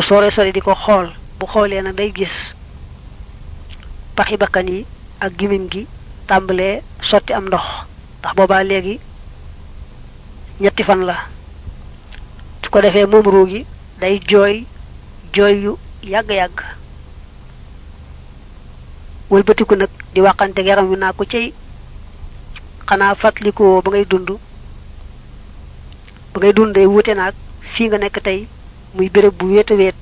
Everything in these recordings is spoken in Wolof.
lu sore sori xool bu xoolee nag day gis paxi bakkan yi ak gimiñ gi tàmbalee sotti am ndox ndax boobaa léegi ñetti fan la su ko defee moom ruu gi day jooy jooy yu yàgg-yàgg wëlbatiku nag di waxante yaram wi naa ko cay xanaa fàttalikoo ba ngay dund ba ngay dund day wuute naag fii nga nekk tey muy bërëb bu wéeta wéet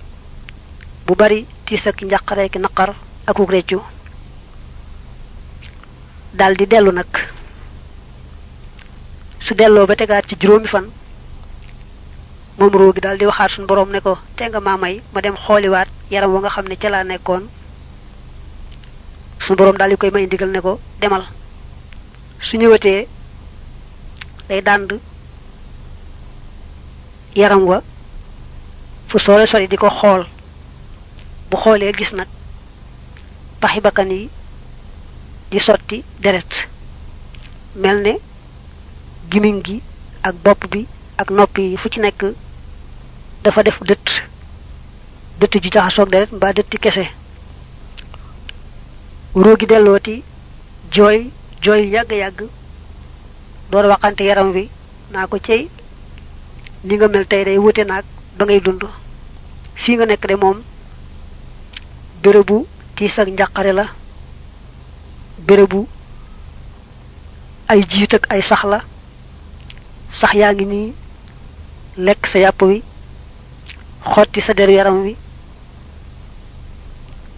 bu bari tiis ak njàqare ak naqar akuk réccu daldi dellu nag su delloo ba tegaat ci juróomi fan moom roogi daal di waxaat suñu boroom ne ko te nga may ma dem xooliwaat yaram wa nga xam ne ca laa nekkoon suñu boroom daal di koy may ndigal ne ko demal su ñëwatee day dànd yaram wa fu sore sori di ko xool bu xoolee gis nag paxi bakkan yi di sotti deret mel ne gimiñ gi ak bopp bi ak nopp yi fu ci nekk dafa def dëtt dëtt ji jaxasoog deret mbaa dëtti kese róogi dellooti jooy jooy yàgg-yàgg door waxante yaram wi naa ko cey ni nga mel tey day wute naag da ngay dund fii nga nekk de moom bérébu tiis ak njàqare la bérébu ay jiit ak ay sax la sax yaa ngi nii lekk sa yàpp wi xotti sa deru yaram wi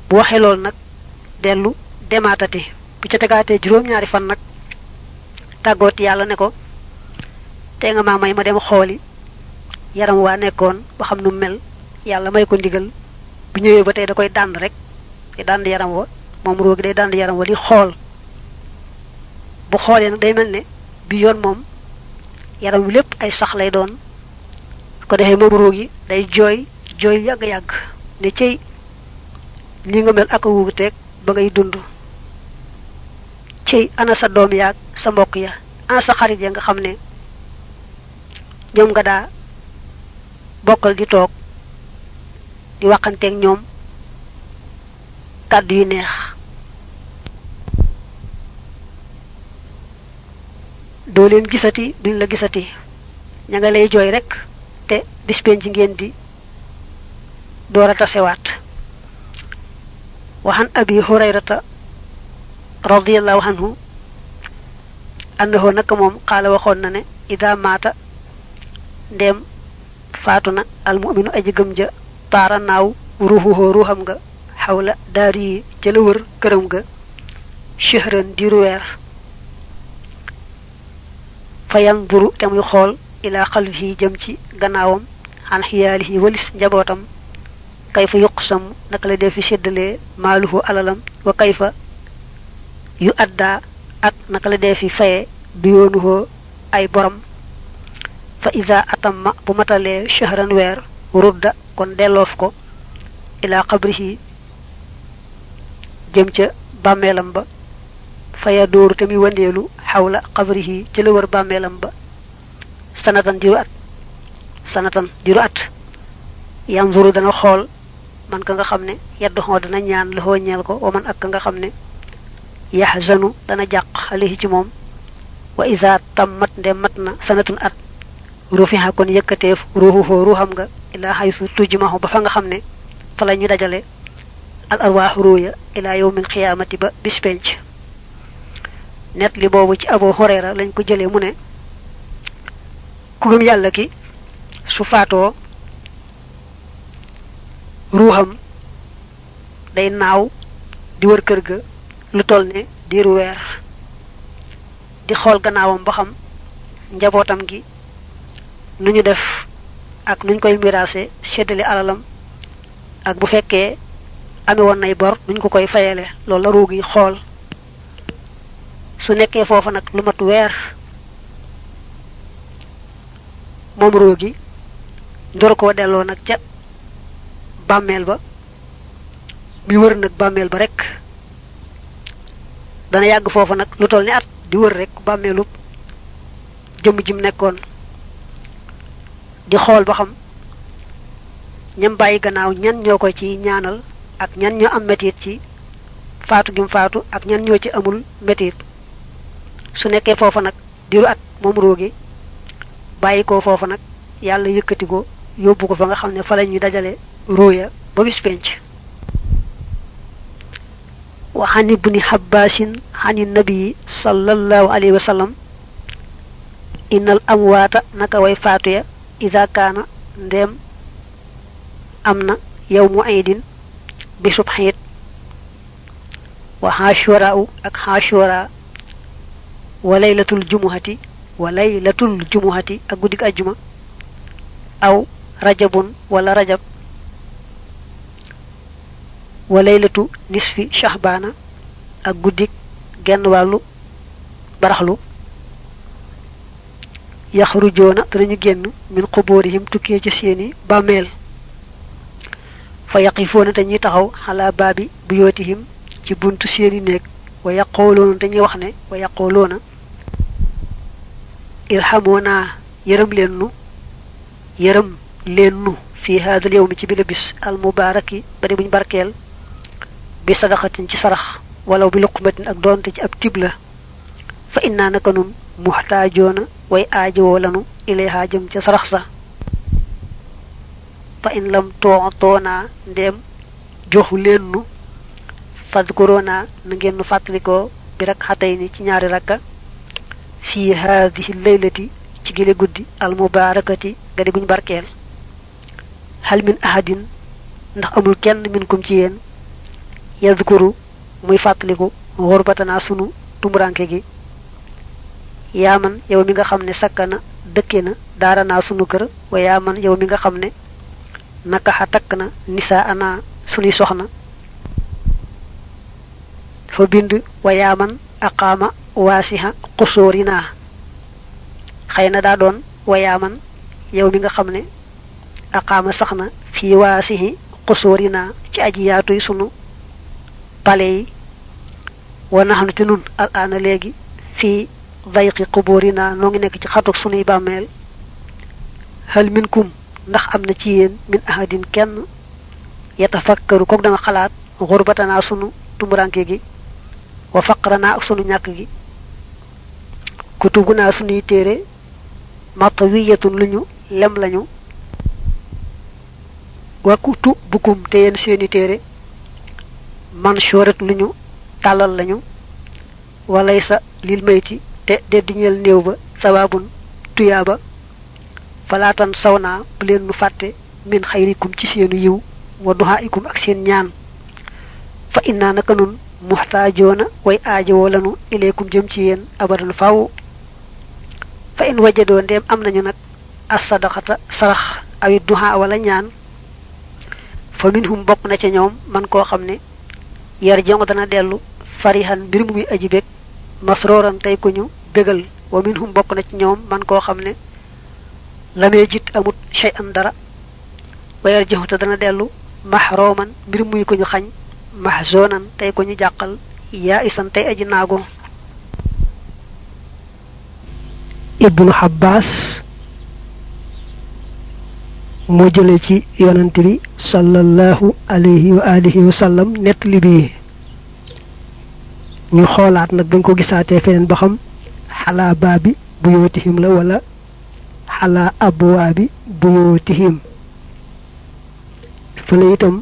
bu waxee loolu nag dellu demaatati bu ca tegaatee juróom-ñaari fan nag tàggoot yàlla ne ko te nga maa may ma dem xooli yaram waa nekkoon ba xam nu mel yàlla may ko ndigal bu ñëwee ba tey da koy dànd rek day dànd yaram wa moom ruugi day dànd yaram wa di xool bu xoolee nag day mel ne bi yoon moom yaram wi lépp ay sax lay doon ko defee moom ruugi day jooy jooy yàgg-yàgg ne cey li nga mel ak wuugu ba ngay dund cey ana sa doom yaag sa mbokk ya ana sa xarit ya nga xam ne ñoom nga daa bokkal gi toog di waxanteeg ñoom kàddu yu neex doo leen gisati duñ la gisati ña nga lay jooy rekk te bis penc ci ngeen di door a tasewaat waxan abi hurayrata radiallahu anhu annahu naka moom xaala waxoon na ne ida maata ndeem faatu na almuminu aji gëm ja taara naaw ruuxam nga xawla daar yi ca la wër këram nga chehran diiru weer fa yanduru te xool ilaa xalfihi jëm ci gannaawam xan xiyaalihi walis njabootam kayfa yuqsam naka la def fi séddalee maaluhu alalam wa kayfa yu addaa ak naka la def fi faye du yoonuhoo ay borom fa atam ma bu matalee shahran weer rudda kon delloof ko ilaa xabrihi jëm ca bàmmeelam ba faya dóoru te muy wandeelu xawla xabrihi ci la wër bàmmeelam ba sanatan jiru at sanatan jiru at yanzuru dana xool man ka nga xam ne yaddoxoo dana ñaan loxoo ñeel man ak nga xam ne yaxzanu dana jàq alihi ci moom wa isa tam mat nde mat na sanatun at rufiha kon yëkkateef ruuxuhu ruuxam nga ilaa xaysu tujmahu ba fa nga xam ne fa la ñu dajale al arwaax ruuya ilaa yawmil xiyaamati ba bispec net li boobu ci Abu Hurayra lañ ko jëlee mu ne ku gëm yàlla ki su faatoo ruuxam day naaw di wër kër ga lu toll ne diiru weer di xool gannaawam ba xam njabootam gi nu ñu def ak nuñ koy miraase séddale alalam ak bu fekkee ame woon nay bor nuñ ko koy fayale loolu la ruugi xool su nekkee foofa nag lu mat weer moom ruugi ndoor koo delloo nag ca bàmmeel ba mi wër nag bàmmeel ba rekk dana yàgg foofa nag lu toll ni at di wër rek bàmmeelu jëmm jim nekkoon di xool ba xam ñam bàyyi gannaaw ñan ñoo ko ci ñaanal ak ñan ñoo am metit ci faatu gi faatu ak ñan ñoo ci amul metit su nekkee foofa nag diru at moom roogi bàyyi foofa nag yàlla yëkkati ko yóbbu ko fa nga xam ne fa la ñuy dajale róoya ba bis penc wa an ibni habbasin ani nabii sallallahu alayhi wa sallam innal amwaata naka way faatu ya ida kaana ndéem am na yawmu iidin bisub xiit wa xaasuraau ak xaasura wa laylatul jumuhati wa laylatul jumuhati ak guddig ajjuma aw rajabun wala rajab wa laylatu nisfi shahbaana ak guddig genn wàllu baraxlu yaxrujoona danañu génn min xuboorihim tukkee ci seeni bàmmeel fa yaqifoona dañuy taxaw xalaa baabi buyootihim ci buntu seeni néeg wa yaqooloona dañuy wax ne wa yaqooloona irhamoonaa yërëm leen nu yërëm leen nu fii haadal yow mi ci bi la bis almubaaraki bari buñ barkeel bi sadaxatin ci sarax walaw bi luqumatin ak doonte ci ab tib la fa innaa naka muxtaajoona way aajowoo lanu ilayha jëm ca sarax sa fa in lam too toonaa ndeem joxu leen nu fadkurona na ngeen nu fàttalikoo ni ci ñaari rakk fii haadihi laylati ci gile al mubaarakati ga di barkeel hal min ahadin ndax amul kenn min kum ci yéen yadkuru muy fàttaliku xurbatanaa sunu tumuraanke gi yaa man yow mi nga xam ne sakkana dëkke na daara naa sunu kër wa yaa man yow mi nga xam ne nakaxa takk na nisaa ana sunuy soxna fa bind wa yaa man aqaama waasiha xusóori naa xëy na daa doon wa yaa man yow mi nga xam ne aqaama sax na fii waasihi xusóori naa ci aji yaatuy sunu pale yi wa naxnu te nun al aana léegi fii dayqi quburina noo ngi nekk ci xatu sunuy bàmmeel hal minkum ndax am na ci yéen min ahadin kenn yatafakkaru kook dana xalaat xurbatanaa sunu tumuranke gi wa faqranaa ak sunu ñàkk gi kutubunaa sunuy téere matawiyatun lu ñu lem lañu wa kutubukum te yéen seeni téere mansurat lu ñu tàllal lañu walaysa lil mayti te deddi ñeel néew ba sawaabun tuyaaba falaatan saw naa bu leen nu fàtte min xayrikum ci seenu yiw wa duxaa'ikum ak seen ñaan fa innaa naka nun muxtaajoona way aajowoo lanu ileekum jëm ci yéen abadan faw fa in wajadoo ndeem am nañu nag as sarax awit duxaa wala ñaan fa minhum bokk na ca ñoom man koo xam ne yar jongo dana dellu farihan mbir muy aji bég masrooran tey ku ñu bégal wa minhum bokk na ci ñoom man koo xam ne lamee jit amut shay an dara wayar jëxu te dana dellu mahroman mbir muy ko ñu xañ mahzonan tey ko ñu jàqal yaa isan tey aji naago ibnu Abbas moo jële ci yonante bi sallallahu alayhi wa alihi wa nett li bii ñu xoolaat nag bañ ko gisaatee feneen ba xam xalaa baabi buyootihim la wala xalaa abwaabi buyootihim fële itam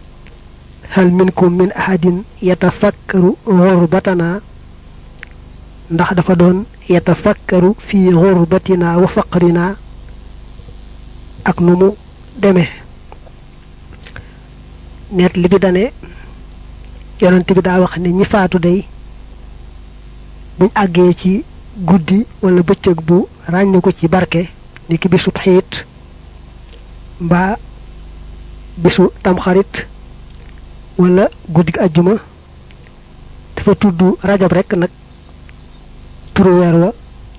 hal minkum min ahadin yatafakkaru xurbatana ndax dafa doon yatafakkaru fii xurbatina wa faqrina ak nu mu demee net li bi bi daa wax ne ñi faatu day buñ àggee ci guddi walla bëccëg bu ràññe ko ci barke ni ki bisu xiit mbaa bisu tamxarit wala guddi ajjuma dafa tuddu rajab rekk nag turu weer wa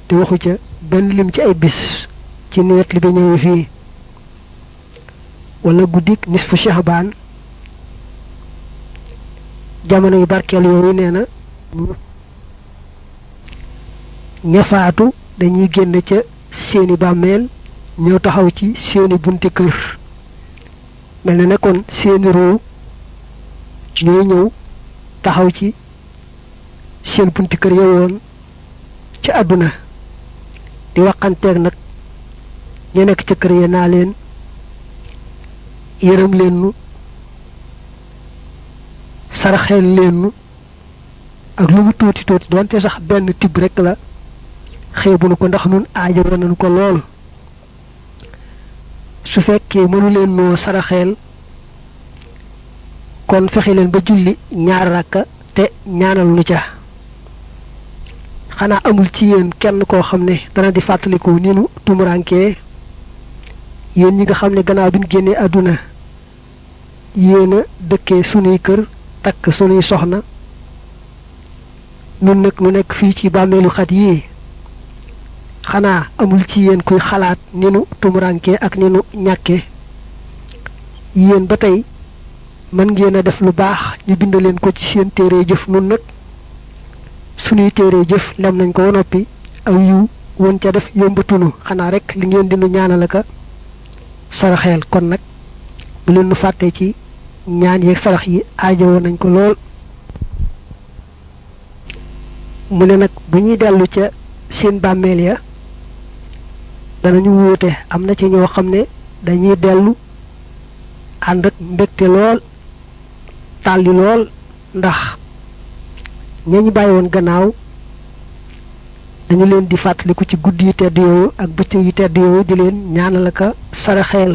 te waxu ca benn lim ci ay bis ci niwet li bi ñëwee fii wala guddik nisfu shahbaan jamono yu barkeel yooyu nee na ña dañuy génn ca seeni bàmmeel ñoo taxaw ci seeni bunti kër mel na ne seeni roo ñooy ñëw taxaw ci seen bunti kër ya woon ci àdduna di waxanteeg nag ña nekk ca kër ya naa leen yërëm leen nu saraxeel leen ak lu mu tuuti tuuti doonte sax benn tibb rekk la xeebu nu ko ndax nun aaja woon nañu ko lool su fekkee mënu leen noo saraxeel kon fexe leen ba julli ñaar rakka te ñaanal nu ca xanaa amul ci yéen kenn koo xam ne dana di fàttaliku ni nu tumurankee yéen ñi nga xam ne gannaaw bi ñu génnee àdduna yéen dëkke sunuy kër takk sunuy soxna nun nag nu nekk fii ci bàmmeelu xat yii xanaa amul ci yéen kuy xalaat ni nu tumuraanke ak ni nu ñàkke yéen ba tey mën ngeen a def lu baax ñu bind leen ko ci seen téere jëf nun nag suñuy téere jëf lem nañ ko noppi aw yiw woon ca def yombatunu xanaa rek li ngeen dinu ñaanale ak saraxeel kon nag bu leen nu fàtte ci ñaan yeeg sarax yi aajowoo nañ ko lool mu ne nag bu ñuy dellu ca seen bàmmeel ya danañu wuute am na ci ñoo xam ne dañuy dellu ànd ak mbégte lool tàlli lool ndax ñañ bàyyi woon gannaaw dañu leen di fàttaliku ci guddi yu tedd yooyu ak bëccëg yu tedd yooyu di leen ñaanal ak saraxeel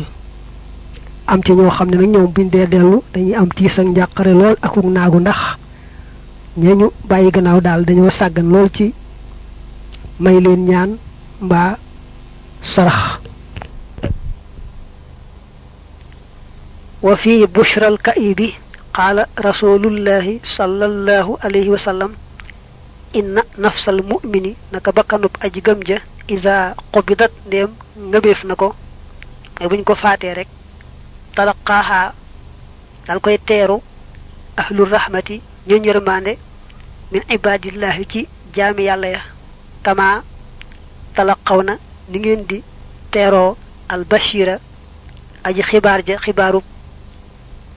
am ci ñoo xam ne nag ñoom buñ dee dellu dañuy am tiis ak njàqare lool akuk naagu ndax ñañu bàyyi gannaaw daal dañoo sàggan lool ci may leen ñaan mbaa sarax wa fi bushra al kaibi qaala rasulullahi sallallahu alayhi wa sallam inna nafsal mu'mini naka bakkanub aji gëm ja isa qobidat ndéem ngëbeef na ko mooy buñ ko faatee rek talaqaaxaa dal koy teeru ahlu rahmati ñu yërmaande min ibadillahi ci jaami yàlla ya tama talaqaw na ni ngeen di teeroo albashira aji xibaar ja xibaarub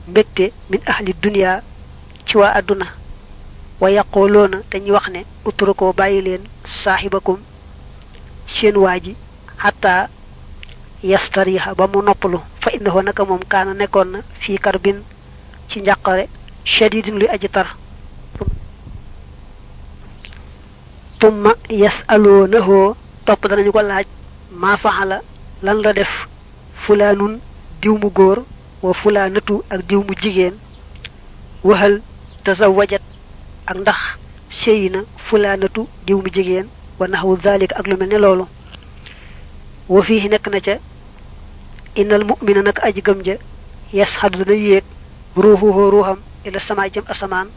mbégte min ahli dunia ci waa àdduna wa yaqooloona te ñu wax ne utrukoo bàyyi leen saaxibakum seen waa ji xataa yastariha ba mu noppalu fa innahu naka moom kaana nekkoon na fii karbin ci njàqare shadidin luy aji tar tumma yasaluunahoo topp danañu ko laaj maa lan la def fulaanun diw mu góor wa fulaanatu ak diw mu jigéen waxal tasawajat ak ndax sëy na fulaanatu diw mu jigéen wa naxwu dalik ak lu mel ne loolu wa fii nekk na ca innal mu'mina nag aji gëm ja yasxadu dana yéeg ruuxuhoo ruuxam ila samaay jëm asamaan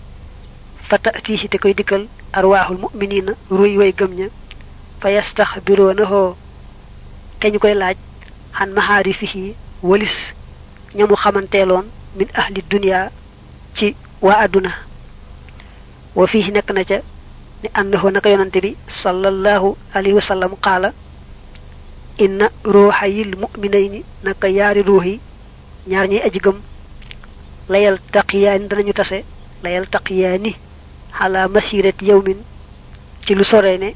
fata tiixi te koy dikkal arwaaxul mu'minina ruy way gëm ña fa yastaxbiroonahoo te ñu koy laaj xan mahaarifihi walis ña mu xamanteeloon min ahli dunia ci waa adduna wa fii nekk na ca ni annahu naka yonante bi sallallahu alayhi wa sallam qaala inna ruuxa yil muminayni naka yaari ruux ñaar ñuy aji gëm layal taqiyaani danañu tase layal taqiyaani xalaa masiret yawmin ci lu sore ne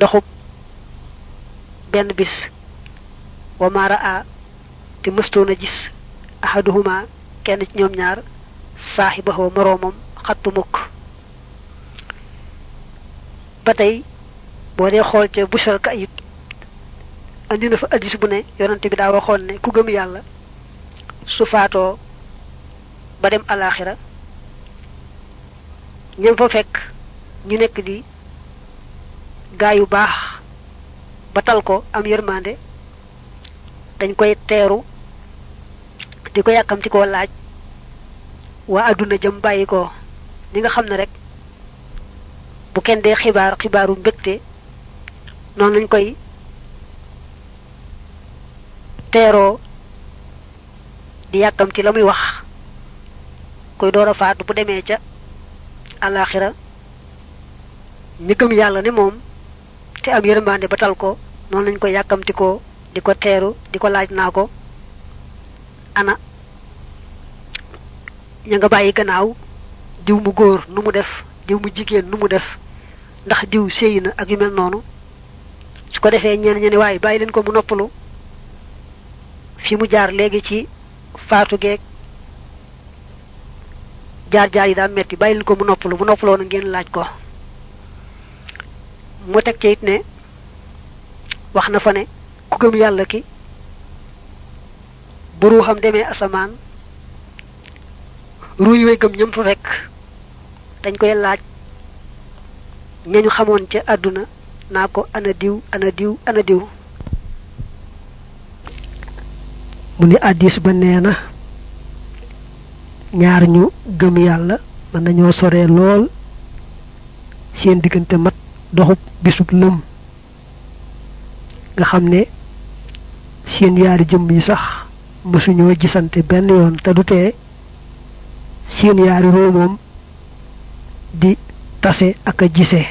doxub benn bis wa ma raa te na gis ahaduhuma kenn ci ñoom ñaar saaxibahu moroomam xattu mukk ba tey boo dee xool ca bushral ka it andi fa addis bu ne yonante bi daa waxoon ne ku gëm yàlla su faatoo ba dem alaaxira ñam fa fekk ñu nekk di gaa yu baax ba tal ko am yërmande dañ koy teeru di ko yàkkamti laaj waa àdduna jëm bàyyi ko ni nga xam ne rek bu kenn dee xibaar xibaaru mbégte noonu lañ koy teeroo di yàkkamti la muy wax kuy door a faatu bu demee ca àllaaxira ñi gëm yàlla ne moom te am yërmande ba tal ko noonu lañu ko yàkkamtikoo di ko teeru di ko laaj naa ko ana ña nga bàyyi gannaaw diw mu góor nu mu def diw mu jigéen nu mu def ndax diw séy na ak yu mel noonu su ko defee ñenn ñenn waaye bàyyi leen ko mu noppalu fi mu jaar léegi ci faatu geeg jaar jaar yi daam metti bàyyi leen ko mu noppalu bu noppaloo na ngeen laaj ko mu teg ca it ne wax na fa ne ku gëm yàlla ki bu ruuxam demee asamaan ruuy way gëm ñam fa fekk dañ koy laaj ñañu xamoon ca àdduna naa ko ana diw ana mu ni addis ba nee na ñaar ñu gëm yàlla mën nañoo sore lool seen diggante mat doxub bisub lëm nga xam ne seen yaari jëmm yi sax mësuñoo gisante benn yoon te du tee seen yaari di tase ak a gisee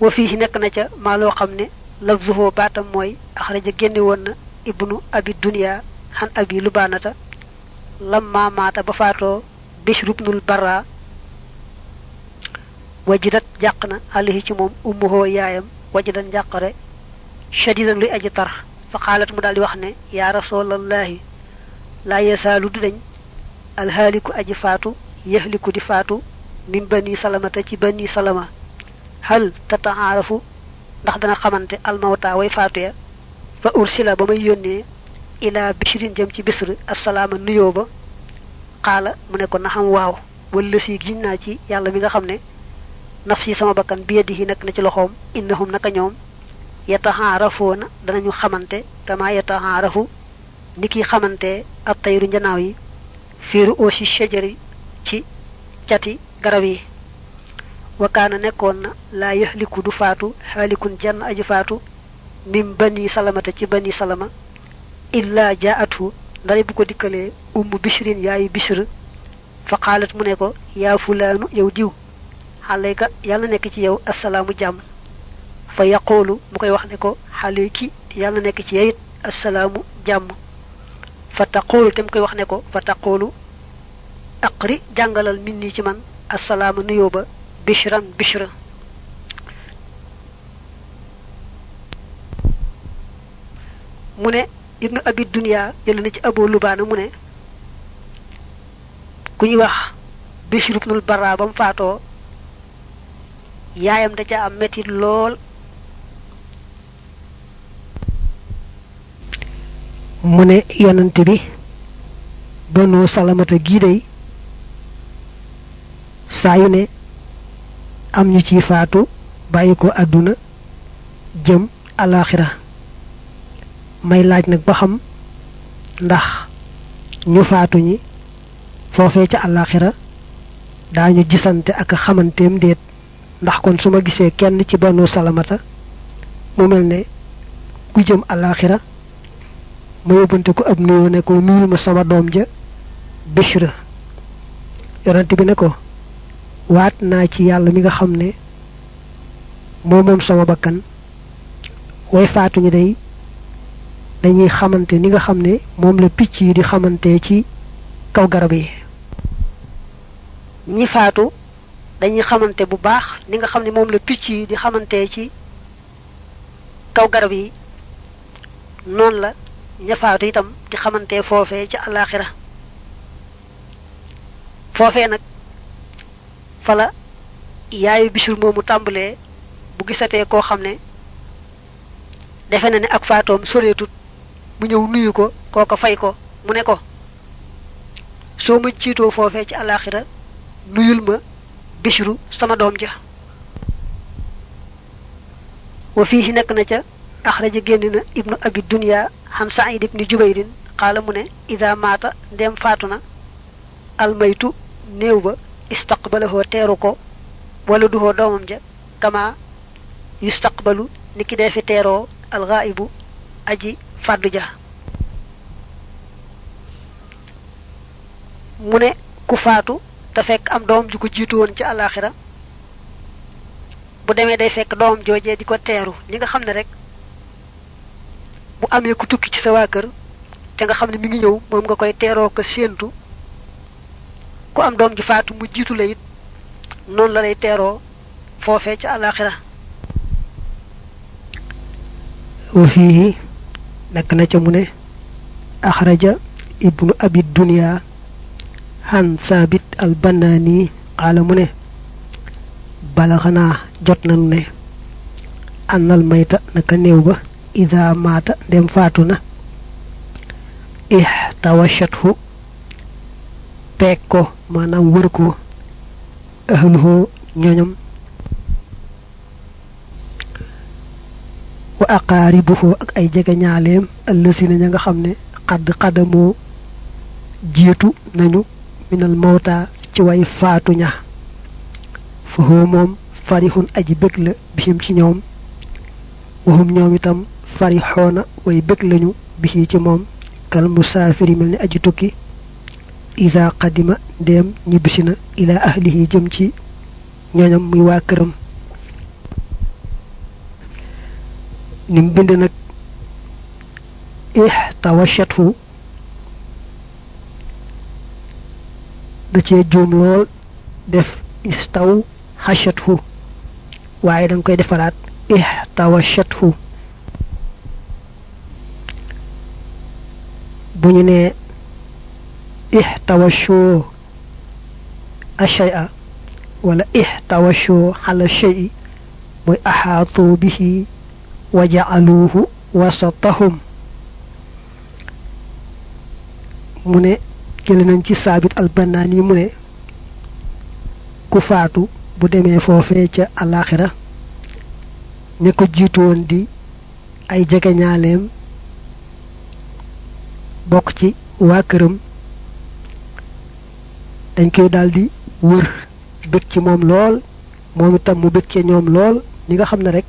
wa fii ci nekk na ca maa xam ne lafzuhu baatam mooy axraja génne woon na ibnu abi dunia xan abi lubaanata lam maamaata ba faatoo bishrubnul barra wajidat jàq na alihi ci moom ummuhoo yaayam wajidan jàqare shadidan luy aji tar fa xaalat mu daal di wax ne yaa rasulallahi laa yesaalu du dañ alhaaliku aji faatu yahliku di faatu min bani salamata ci bani salama hal tataarafu ndax dana xamante almawta way faatu ya fa ursila ba may yónnee ilaa bishrin jëm ci bisr assalaama nuyoo ba xaala mu ne ko naxam waaw wala si naa ci yàlla mi nga xam ne nafsi sama bakkan bi yadihi nag na ci loxoom innahum naka ñoom yataxaarafoona danañu xamante dama yataxaarafu ni ki xamante ab tayru njanaaw yi fiiru aussi shajari ci cati garab yi wakaana nekkoon na laa yaxliku du faatu xaalikun jann aju faatu mim bani salamata ci bani salama illaa jaatu ndare bu ko dikkalee umm bishrin yaayu bishr fa qaalat mu ne ko yaa fulaanu yow diw alayka yàlla nekk ci yow assalaamu jàmm fa yàqoolu mu koy wax ne ko alayki yàlla nekk ci yeyit assalaamu jàmm fa taqulu te mu koy wax ne ko fa taqulu aqri jàngalal min nii ci man assalaama nuyoo ba bishran bishra mu ne ibnu abi dunya jël na ci abo lubaana mu ne ku ñuy wax bishr ibnul bara ba mu faatoo yaayam da ca am metit lool mu ne yonent bi banu salamata gii day saa yu ne am ñu ciy faatu bàyyi ko àdduna jëm alaaxira may laaj nag ba xam ndax ñu faatu ñi foofee ca alaaxira daañu gisante ak a xamanteem déet ndax kon su ma gisee kenn ci banu salamata mu mel ne ku jëm alaxira ma yóbbante ko ab nuyoo ne ko ma sama doom ja Bishra yonent bi ne ko waat naa ci yàlla mi nga xam ne moo moom sama bakkan way faatuñu day dañuy xamante ni nga xam ne moom la picc yi di xamante ci kaw garab yi ñi dañuy xamante bu baax ni nga xam ne moom la picc yi di xamante ci kaw garab yi noonu la ñafaatu itam di xamante foofe ci àllaaxira foofe nag fala yaayu bisur moomu tàmbalee bu gisatee koo xam ne defe na ne ak faatoom soreetut mu ñëw nuyu ko kooko fay ko mu ne ko soo ma jiitoo foofee ci àllaaxira nuyul ma bishru sama doom ja wa fiihi nekk na ca axraja génn na ibnu abi dunya xan said ibni jubayrin xaala mu ne ida maata ndem faatu na almaytu néew ba istaqbalahoo teeru ko wala duhoo doomam ja kama yustaqbalu ni ki dee fi teeroo alxaayibu aji fàddu ja mu ne ku faatu da fekk am doom ju ko jiitu woon ci àllaaxira bu demee day fekk doom joojee di ko teeru ñi nga xam ne rek bu amee ku tukki ci sa waa kër te nga xam ne mi ngi ñëw moom nga koy teeroo ko séentu ku am doom ji faatu mu jiitu la it noonu la lay teeroo foofee ci àllaaxira wa fii nekk na ca mu ne axraja ibnu abi dunia xan saabit al bannaani mu ne bala xanaa jot nanu ne ànnal mayta naka néew ba ida maata ndem faatu na ixtawachathu peeg ko maanaam wër ko ahluhu ñoñom wa aqaaribuhu ak ay jege ñaaleem allësina ña nga xam ne xadd xadamoo jiitu nañu minal mawta ci way faatu ña fa huwa moom farihun aji bëgg la bihim ci ñoom waxum ñoom itam farixoona way bëgg lañu bihi ci moom kal musaafiri mel ni aji tukki isa qadima dem ñibbisi na ilaa ahlihi jëm ci ñoñam muy waa këram nim bind nag ixtawashatu da cee juum def istaw xashathu waaye da nga koy defaraat ihtawashathu bu ñu nee ihtawashu ashay'a wala ihtawashu ala shay'i mooy axaatu bihi wa ja'aluuhu wasatahum mu ne jële nañ ci saabit albanaan yi mu ne ku faatu bu demee foofee ca alaaxira ne ko jiitu woon di ay jegeñaaleem bokk ci waa këram dañ koy daldi wër bëgg ci moom lool moom itam mu bëgg ci ñoom lool ni nga xam ne rek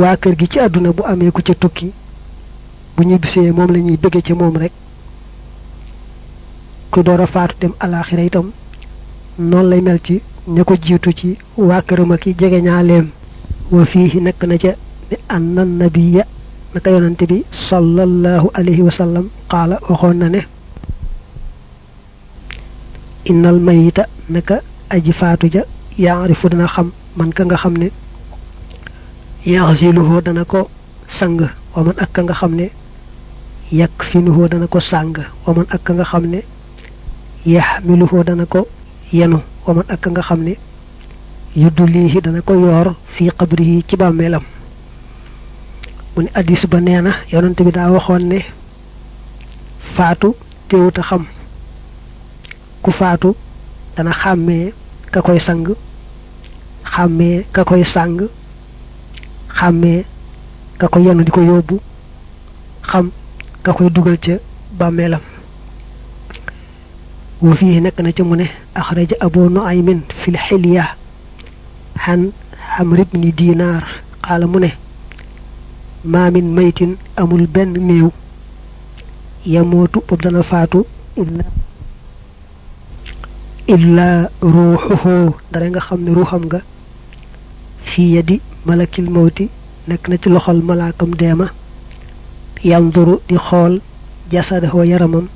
waa kër gi ci àdduna bu amee ku ca tukki bu ñibbisee moom la ñuy bëgge ci moom rek ku door a faatu dem alaxira itam noonu lay mel ci ña ko jiitu ci waa këram ak i jege ñaaleem wa fii nekk na ca ne anna nabiya naka yonante bi sallallahu alayhi wa sallam qaala waxoon na ne innal mayita naka aji faatu ja yaarifu dana xam man ka nga xam ne yaxsiluhoo dana ko sang wa man ak ka nga xam ne yakfinuhoo dana ko sàng wa man ak ka nga xam ne yaxmiluhu dana ko yenu waman ak nga xam ni yuddu lii dana ko yoor fii xabri yi ci bàmmeelam mu ne addis ba nee na yonante bi daa waxoon ne faatu teewut a xam ku faatu dana xàmmee ka koy sang xàmmee ka koy sang xàmmee ka ko yenu di ko yóbbu xam ka koy dugal ca bàmmeelam wa fii nekk na ca mu ne axraja abu nuaymin fil xilya xan xamr ibni dinaar xaala ne maamin maytin amul benn néew yamootu boobu dana faatu illa illaa ruuxuhu dara nga xam ne ruuxam nga fii yadi malakil mawti nekk na ci loxol malaakam deema yanduru di xool jasadahu yaramam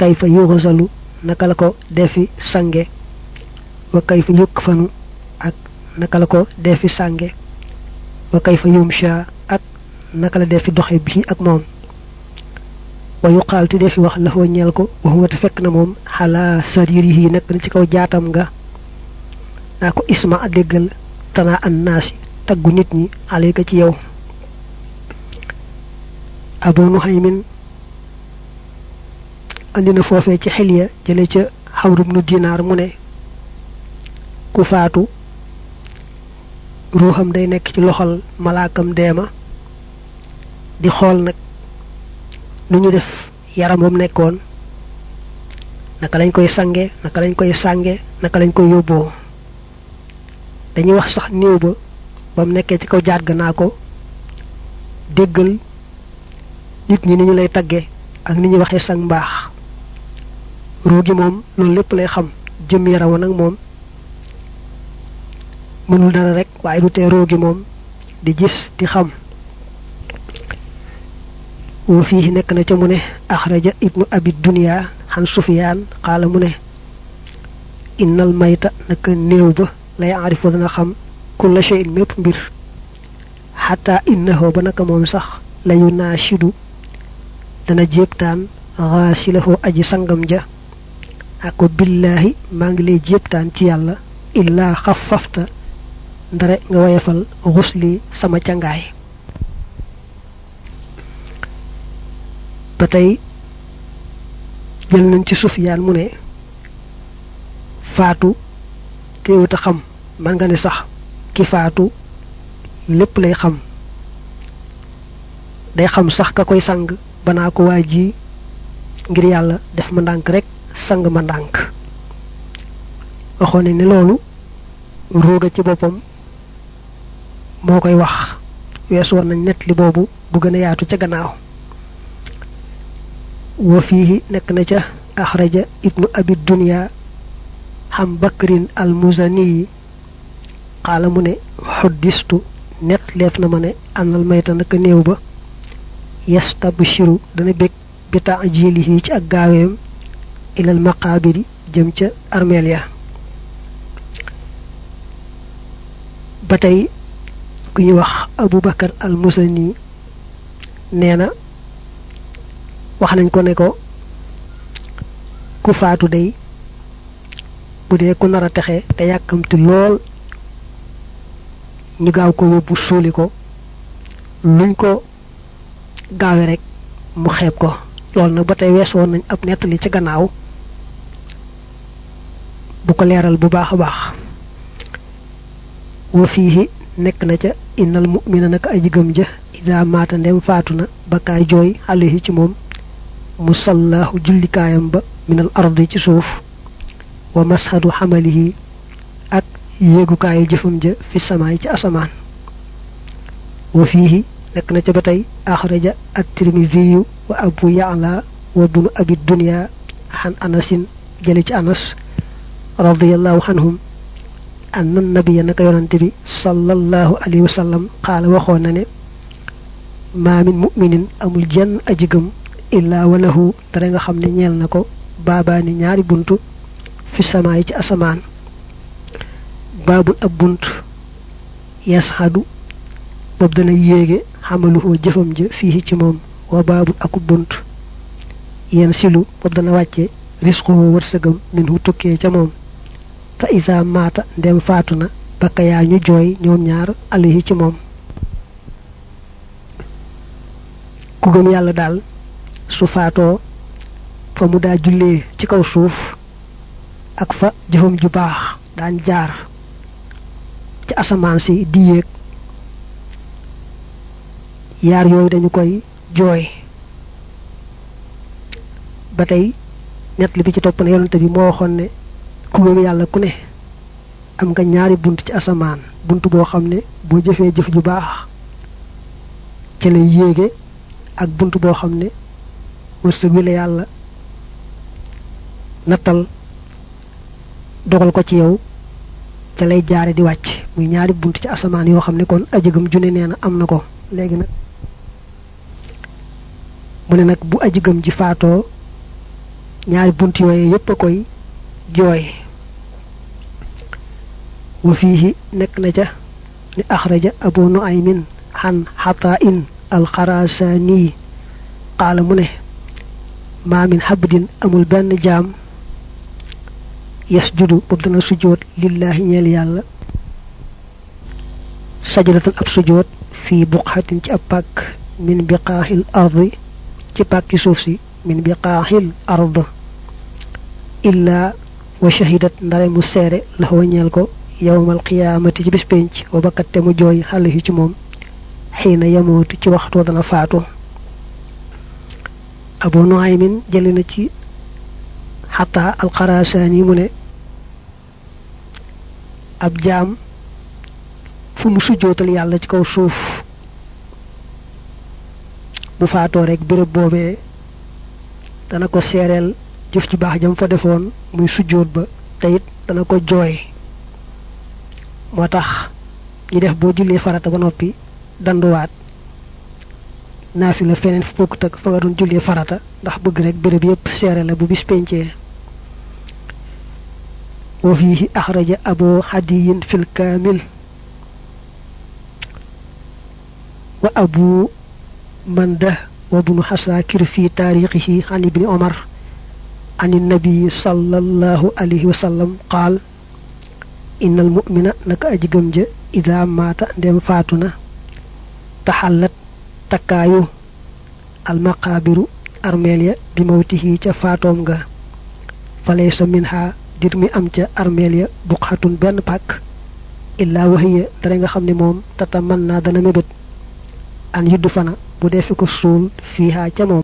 kayfa yuxasalu naka la ko defi sange wa kay fa yukk fanu ak naka la ko defi sange wa kay fa yumsha ak naka la defi doxe bi ak moom wa yuqaal te defi wax lafa ñeel ko waxuwate fekk na moom xalaa sariri yi nekk na ci kaw jaatam nga naa ko isma a déggal tanaa an taggu nit ñi alayka ci yow andi na foofee ci xel ya jële ca Xamru bnu Dinaar mu ne ku faatu ruuxam day nekk ci loxol malaakam deema di xool nag nu ñu def yaramam nekkoon naka lañ koy sange naka lañ koy sànge naka lañ koy yóbboo dañuy wax sax néew ba ba mu nekkee ci kaw jaar ga naa ko déggal nit ñi ni ñu lay tagge ak ni ñuy waxee sang mbaax ruu moom loolu lépp lay xam jëm yarawa nag moom mënul dara rek waaye du tee ruu moom di gis di xam wa fii nekk na ca mu ne axraja ibnu abi dunia xan sufiyaan xaala ne innal mayta naka néew ba lay arifu dana xam kulla shay'in mépp mbir xataa innahu ba naka moom sax layu naashidu dana jéebtaan xaasilahu aji sangam ja ako billaahi maa ngi lay jéptaan ci yàlla illaa xafafta ndare nga wayafal xusli sama càngaay ba tey jël nañ ci Sufyaan mu ne faatu teewut a xam man nga ne sax ki faatu lépp lay xam day xam sax ka koy sang banaa ko waa ji ngir yàlla def ma ndànk rekk sang ma ndànk waxoon ne ni loolu ruuga ci boppam moo koy wax weesu woon nañ nett li boobu bu gën a yaatu ca gannaaw wa fiihi nekk na ca axraja ibnu abi dunya xam bakrin al muzani xaala mu ne xoddistu nett leef na ma ne àndal mayta naka néew ba yastabshiru dana bég bi taajilihi ci ak gaaweem ilal maqaabiri jëm ca armeel ya ba tey ku ñuy wax Abu Bakar al Musani nee na wax nañ ko ne ko ku faatu day bu dee ku nar a texe te yàkkamti lool ñu gaaw ko yóbbu suuli ko luñ ko gaawe rekk mu xeeb ko loolu nag ba tey weesoon nañ ab nettali ca gannaaw bu ko leeral bu baax a baax wa fiihi nekk na ca innal mu'mina naka aji gëm ja ida maata ndem faatu na bakkaay jooy alayhi ci moom musallaahu jullikaayam ba minal ardi ci suuf wa mashadu yi ak yéegukaayu jëfam ja fi samaay ci asamaan wa fiihi nekk na ca ba tey axraja at tirmidiyu wa abu yaala wa bunu abi dunya xan anasin jële ci anas radiyallahu anhum anna nabiya naka yonante bi sallallahu alayhi wa sallam waxoon na ne maa min amul jenn ajigam illaa walahu te da nga xam ne ñeel na ko baabaani ñaari bunt fi samaa yi ci asamaan baabul ab bunt bunt yenn silu boobu dana wàcce risquhoo wërsëgam min hu tukkee ca moom te isa maata ndem faatu na bakka yaa ñu jooy ñoom ñaar alayhi ci moom ku gëm yàlla daal su faatoo fa mu daa jullee ci kaw suuf ak fa jëfam ju baax daan jaar ci asamaan si di yéeg yaar yooyu dañu koy jooy ba tey ñett bi ci topp na yonante bi moo waxoon ku yàlla ku ne am nga ñaari bunt ci asamaan bunt boo xam ne boo jëfee jëf ju baax ca lay yéege ak bunt boo xam ne wërsëg wi la yàlla nattal dogal ko ci yow ca lay jaare di wàcc muy ñaari bunt ci asamaan yoo xam ne kon ajëgam ju ne nee na am na ko léegi nag mu ne nag bu ajëgam ji faatoo ñaari bunt yooyee yépp a koy jooy wa fiihi nekk na ca li axraja abu nuaymin xan xataa in alxarasaanii qaala mu ne maa min xabdin amul benn jaam yasjudu boobu dana sujjoot lillaahi ñeel yàlla sajadatan ab sujjoot fii buqatin ci ab pàkk min biqaaxil suuf si min biqaaxil ard illaa wa shahidat ndare mu seere laxoo ñeel ko yawmal qiyaamati ci bis penc wa bakatte mu jooy xale yi ci moom na yamootu ci waxtu dana faatu abu nuaymin jëli na ci xataa alxarasaan yi mu ne ab jaam fu mu sujjootal yàlla ci kaw suuf bu faatoo rek béréb boobee dana ko seereel jëf ju baax jam fa defoon muy sujjoot ba te dana ko jooy moo tax ñu def boo jullee farata ba noppi danduwaat naafila feneen fi bokkut ak fa nga doon jullee farata ndax bëgg rek béréb yépp seere la bu bis pencee wa fiihi axraja aboo hadiyin fil kaamil wa abu manda wa bunu xasaakir fi taarixihi an ibni omar an nabi sallallahu alayhi wa qaal innal mu'mina naka aji gëm ja ida maata ndem faatu na taxallat takkaayu almaqaabiru armeel ya bi mawtihi ca faatoom nga falaysa minha dir mi am ca armeel ya buqatun benn pàkk illaa waxiya dara nga xam ne moom tata mën naa dana mébét an yudd fana bu dee fi ko suul fiihaa ca moom